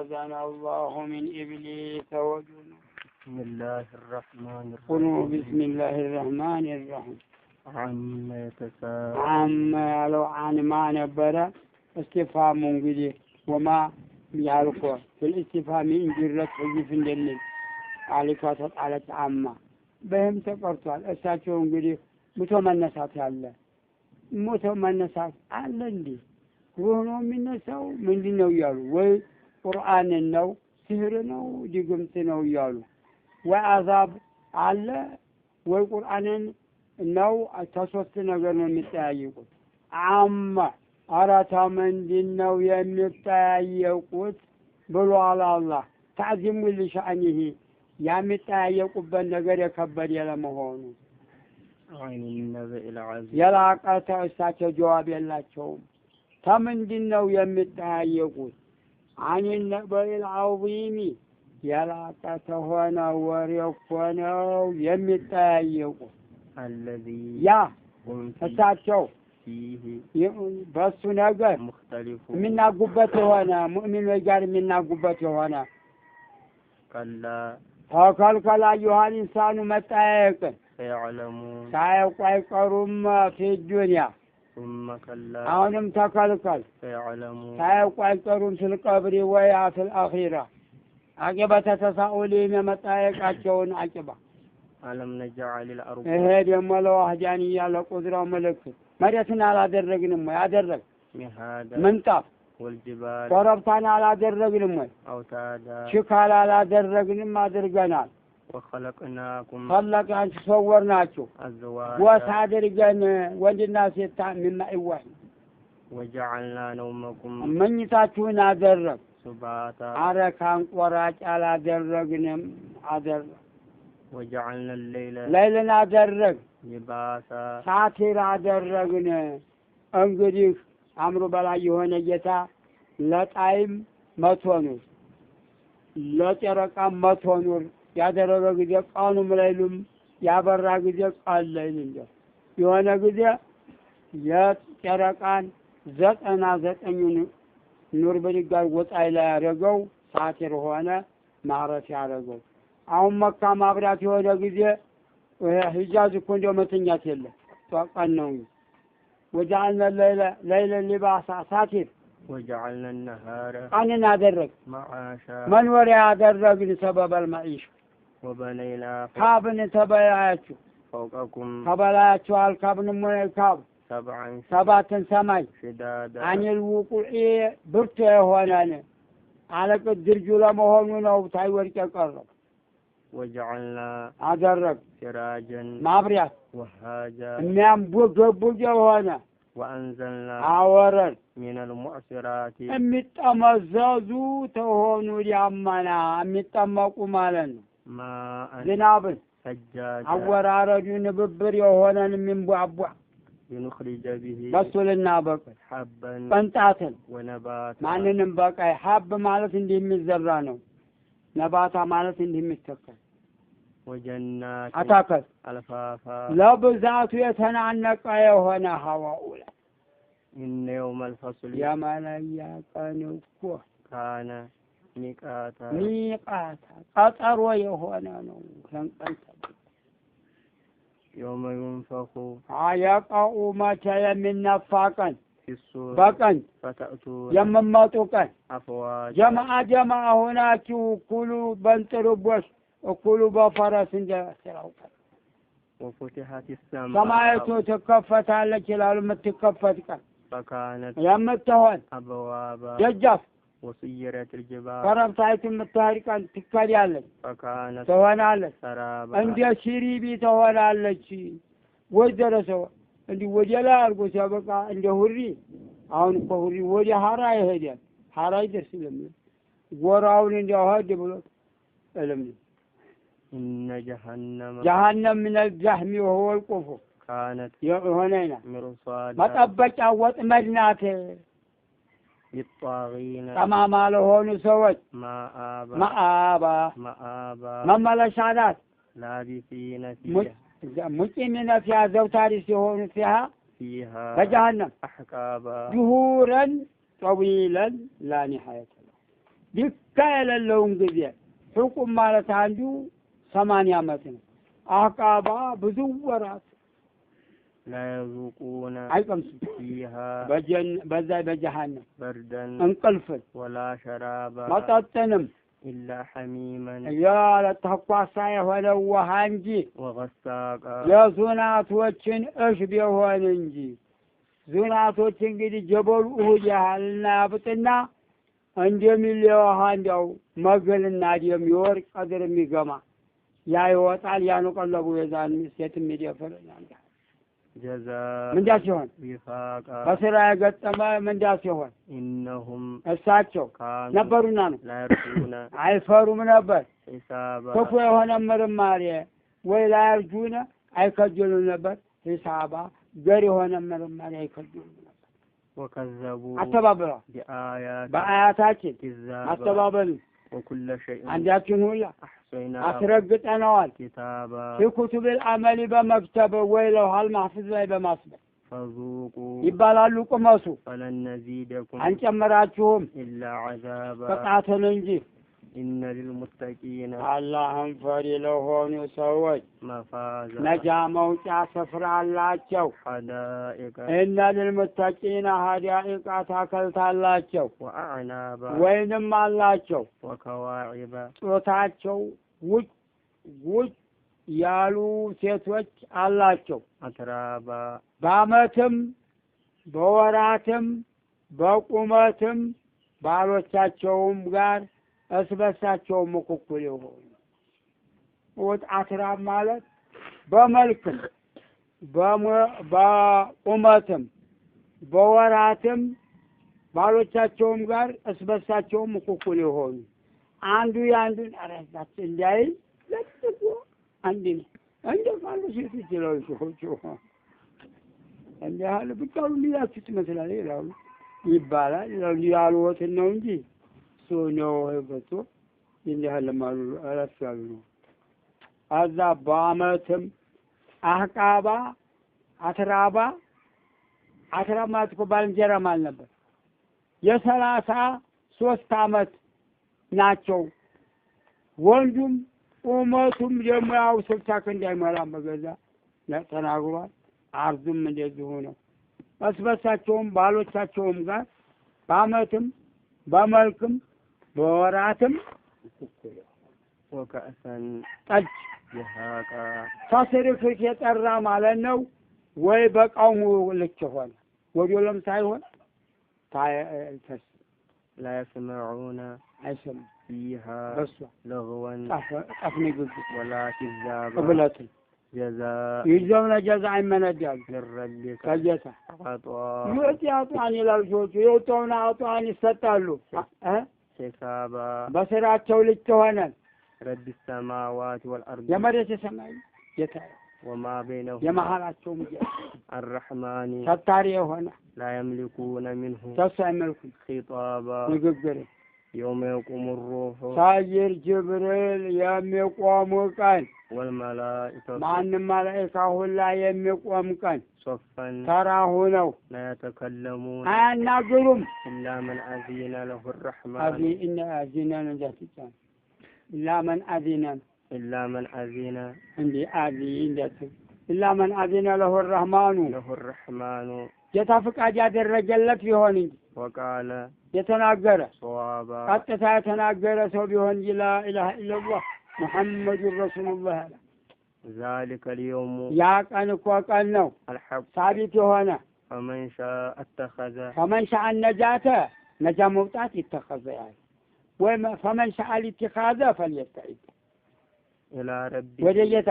أعاذنا الله من إبليس وجنوده بسم الله الرحمن الرحيم قلوا بسم الله الرحمن الرحيم عما يتساءل عما ያለው አን ማ ነበረ እስቲፋሙ እንግዲህ ወማ ያልኮ ፍልስቲፋሚ እንዲረት ህዝፍ እንደሚል አሊቷ ተጣለች አማ በህም ተቀርቷል። እሳቸው እንግዲህ ሙቶ መነሳት ያለ ሙቶ መነሳት አለ እንዲህ ሩህ ነው የሚነሳው ምንድን ነው እያሉ ወይ ቁርአንን ነው፣ ሲህር ነው፣ ድግምት ነው እያሉ ወይ አዛብ አለ ወይ ቁርአንን ነው። ከሶስት ነገር ነው የሚጠያይቁት። አማ አራታ ምንድን ነው የሚጠያየቁት ብሎ አላላ ታዚሙ ልሻእኒሂ የሚጠያየቁበት ነገር የከበደ ለመሆኑ የላቀ እሳቸው ጀዋብ የላቸውም። ከምንድን ነው የሚጠያየቁት? አሚን ነበይል አውቢሚ የላቀ ተሆነ ወሬ እኮ ነው የሚጠያየቁ ያ እሳቸው በሱ ነገር የሚናጉበት የሆነ ሙእሚኖች ጋር የሚናጉበት የሆነ ተከልከላ ዮሐን ኢንሳኑ መጠያየቅን ሳያውቁ አይቀሩም ፊ ዱንያ ثم كلا አሁንም ተከልከል ሰያዕለሙን ሳይቆጠሩም ፊል ቀብሪ ወይ ፊል አኺራ አቂበተ ተሳኡሊም የመጠየቃቸውን አቂባ አለም ነጀዐል ልአርዱ ይሄ ደግሞ ለዋህጃንያ ለቁድራው ምልክት መሬትን አላደረግንም ወይ አደረግ ምንጣፍ ኮረብታን አላደረግንም ወይ ሽካል አላደረግንም አድርገናል ወኸለቅናኩም ኸለቃችሁ ሰወርናችሁ ቦታ አድርገን ወንድና ሴታ ታሚማ ይዋሂድ ወጀዐልና ነውመኩም መኝታችሁን አደረግ ሱባታ አረካን ቆራጭ አላደረግንም አደረግ ወጀዐልና ሌይለ ሌይልን አደረግ ሊባሳ ሳቲር አደረግን። እንግዲህ አእምሮ በላይ የሆነ ጌታ ለጣይም መቶ ኑር ለጨረቃም መቶ ኑር ያደረገ ጊዜ ቀኑም ሌሊቱም ያበራ ጊዜ ቃል ሌሊት እንደ የሆነ ጊዜ የጨረቃን ዘጠና ዘጠኙን ኑር ብድጋር ወጣይ ላይ ያደረገው ሳቲር ሆነ ማረፍ ያደረገው። አሁን መካ ማብራት የሆነ ጊዜ ሂጃዝ እኮ እንዲያው መተኛት የለም ቀን ነው። ወጃአልነ ሌለ ሌለ ሊባሳ ሳቲር ወጃአልነ ነሃረ ቀንን አደረግ መኖሪያ ያደረግን ሰበበል መዒሻ ወበነይና ካብን ተበላያችሁ ፈውቀኩም ተበላያችኋል። ካብንም ሆነ ካብ ሰባትን ሰማይ ሽዳዳ አኒል ውቁዒ ብርቱ የሆነን አለቅ ድርጁ ለመሆኑ ነው ታይወድቅ የቀረው ወጀዐልና አደረግ ሲራጀን ማብሪያት ወሃጃ የሚያንቦገቡግ የሆነ ወአንዘልና አወረን ሚነል ሙዕሲራቲ የሚጠመዘዙ ተሆኑ ዲያማና የሚጠመቁ ማለት ነው ዝናብን አወራረዱ ንብብር የሆነን የሚንቧቧ ሊኑኽሪጀ ቢሂ በሱልና በቀይ ሐበን ቅንጣትን ማንንም በቀይ ሀብ ማለት እንዲህ የሚዘራ ነው። ነባታ ማለት እንዲህ የሚተከል አታከል ለብዛቱ የተናነቀ የሆነ ሀዋኡ ላይ የመለያ ቀን እኮ ሚቃታ ቀጠሮ የሆነ ነው። የውመ ዩንፈኩ የቀኡ መቼ የሚነፋ ቀን በቀን የምመጡ ቀን ጀማአ ጀማአ ሆናችሁ እኩሉ በንጥርቦች እኩሉ በፈረስ እንደ ስራው ቀን ሰማይቱ ትከፈታለች ይላሉ። የምትከፈት ቀን የምትሆን ደጃፍ ወስየረት ልጅባ ከረብታይቱ የምትሄድ ትከዳለች ትሆናለች እንደ ሽሪቢ ትሆናለች። ወይ ደረሰው እንዲህ ወደ ላይ አድርጎ ሲያበቃ እንደ ሁሪ አሁን እኮ ሁሪ ወደ ሀራ ይሄዳል። ሀራ ይደርስ ጎራውን እንዲያዋህድ ብሎት ለምን እነ ጀሀነም ጀሀነም ሚነል ጃህሚ ካነት የሆነ መጠበቂያ ወጥመድ ናት። للطاغين كما ماله ابا مآبا مآبا مآبا مما شادات لابثين فيها مسلمين فيها زوتاري سيهون فيها فيها فجهنم أحقابا جهورا طويلا لا نهاية له دكا اللون قذية حكم مالت عنده ثمانية مثلا أحقابا بزورات ላየዙቁነ አይቀምሱም ፊሃ በዛ በጀሃነም በርደን እንቅልፍን ወላ ሸራባ መጠጥንም ኢላ ሐሚመን ያለ ተኳሳ የሆነው ውሃ እንጂ ወቀሳቃ የዙናቶችን እሽ ቢሆን እንጂ ዙናቶች እንግዲህ ጀበሉ እሁድ ያህልና ያብጥና እንደሚል የውሃ እንዲያው መግልና እንደሚወርቅ ቀድር የሚገማ ያ ይወጣል ያኑ ቀለቡ የዛን ሴት የሚደፍር ምንዳ ሲሆን በስራ የገጠመ ምንዳ ሲሆን እሳቸው ነበሩና ነው አይፈሩም ነበር ክፉ የሆነ ምርማሬ ወይ ላያርጁነ አይከጀሉም ነበር ሂሳባ ገር የሆነ ምርማሬ አይከጀሉም ነበር ወከዘቡ አስተባብለዋል በአያታችን አስተባበሉ አንዳችን ሁላ አስረግጠነዋል። ፊኩቱብል አመሊ በመክተብ ወይ ለውሃል ማህፍዝ ላይ በማስበር ይባላሉ። ቁመሱ አንጨምራችሁም ኢላ ቅጣትን እንጂ ኢነ ሊልሙተቂነ አላህን ፈሪ ለሆኑ ሰዎች ነጃ መውጫ ስፍራ አላቸው። እነ ሊልሙተቂነ ሀዳኢቃ ታከልታላቸው ወይንም አላቸው። ወከዋዒበ ጾታቸው ውጭ ውጭ ያሉ ሴቶች አላቸው። አትራባ በአመትም በወራትም በቁመትም ባሎቻቸውም ጋር እስ በሳቸውም እኩል የሆኑ ወጥ አትራብ ማለት በመልክም በቁመትም በወራትም ባሎቻቸውም ጋር እስ በሳቸውም እኩል የሆኑ አንዱ የአንዱን አረዛት እንዳይል ለጥቆ አንድ ነው እንደ ካሉ ሴቶች ይላሉ ሰዎች እንዲህ ያህል ብቻ ሁሉ ያችሁ ይላሉ ይባላል ይላሉ ያልወትን ነው እንጂ ነው ህብቱ ይለህልማሉ እረፍ ያሉ ነው። አዛ በአመትም አህቃባ አትራባ አትራባ ማለት እኮ ባልንጀራ ማለት ነበር። የሰላሳ ሶስት አመት ናቸው። ወንዱም ቁመቱም ደግሞ ያው ስልሳ ክንድ አይሞላም በገዛ ተናግሯል። አርዙም እንደዚሁ ነው። እርስ ባሎቻቸውም ጋር በአመትም በመልክም بوراتم وكأسا أج يهاكا تصيري فيك يترام على النو ويبك أمو لكهون وجولم سايون تاي تس لا يسمعون أسم فيها بسوة. لغوا أفني قلت ولا كذابا قبلت جزاء يجزون جزاء من الجزاء للرجل كجزاء أطوان يؤتي أطواني للجوج يؤتون أطواني ستالو ሒሳባ በስራቸው ልክ ሆነን ረቢ ሰማዋት ወልአርድ የመሬት የሰማይ ጌታ ወማ በይነሁ የመሀላቸውም አራሕማኒ ሰታሪ የሆነ ላ የምሊኩነ ሚንሁ ተሱ አይመልኩም ኺጣባ ንግግር يوم يقوم الروح ሳይል ጅብሪል የሚቆሙ ቀን والملائكة ማንም መላእካ ሁላ የሚቆም ቀን صفا ተራ ሆነው لا يتكلمون አያናግሩም إلا من أذن له الرحمن አዚና አዚናን እንዳትጫን ኢላ መን አዚናን إلا من أذن እንዲህ አዚ እንዳት ኢላ መን አዚነ ለሁ ረህማኑ له الرحمن ጌታ ፍቃድ ያደረገለት ቢሆን እንጂ ወቃለ የተናገረ ቀጥታ የተናገረ ሰው ቢሆን እንጂ ላኢላሀ ኢለላህ ሙሐመዱን ረሱሉላህ አለ። ዛሊከ ልየውሙ ያ ቀን እኮ ቀን ነው ሳቢት የሆነ ፈመን ሻእ እተኸዘ ፈመን ሻእ ነጃተ ነጃ መውጣት ይተኸዘ ያለ ወይም ፈመን ሻእ ሊትኻዘ ፈልየስተዒድ ኢላ ረቢ ወደ ጌታ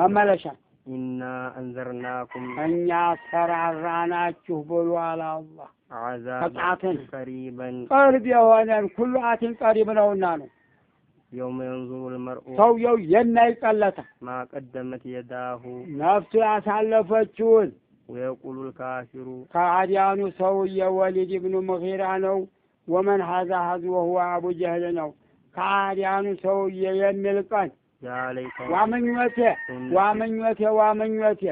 መመለሻ ኢና አንዘርናኩም እኛ አስፈራራናችሁ ብሏል። አላህ ቅጣትን ቀሪበን ቅርብ የሆነን ኩሉ አቲን ቀሪብ ነውና ነው። የውመ የንዙሩ መርኡ ሰውየው የማይቀለተ ማቀደመት የዳሁ ነፍሱ ያሳለፈችውን ወየቁሉ ልካፊሩ ከአዲያኑ ሰውዬ ወሊድ ብኑ ሙጊራ ነው። ወመን ሀዛ ሀዝ ወሁዋ አቡ ጀህል ነው። ከአዲያኑ ሰውዬ የሚል ቀን ዋመኞቴ ዋመኞቴ ዋመኞቴ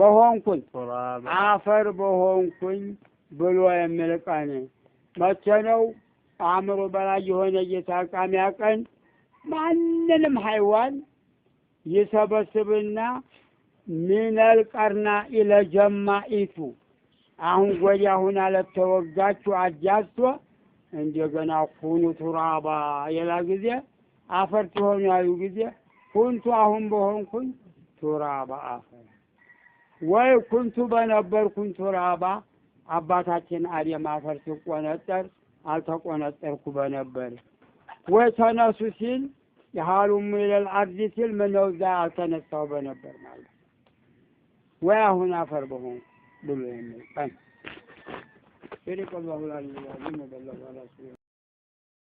በሆንኩኝ አፈር በሆንኩኝ ብሎ የሚል ቀን መቼ ነው? አእምሮ በላይ የሆነ ጌታ ቃሚያ ቀን ማንንም ሀይዋን ይሰበስብና ሚነል ቀርና ኢቱ አሁን ጎዲ አሁን አለተወጋችሁ አጃዝቶ እንደገና ሁኑ ቱራባ የላ ጊዜ አፈር ትሆን ያዩ ጊዜ ኩንቱ አሁን በሆንኩኝ ቱራባ አፈር ወይ ኩንቱ በነበርኩኝ ቱራባ አባታችን አደም አፈር ሲቆነጠር አልተቆነጠርኩ በነበር ወይ ተነሱ ሲል የሀሉም ይለል አርድ ሲል ምነው እዛ አልተነሳው በነበር ማለት ወይ አሁን አፈር በሆን ብሎ የሚል ቀን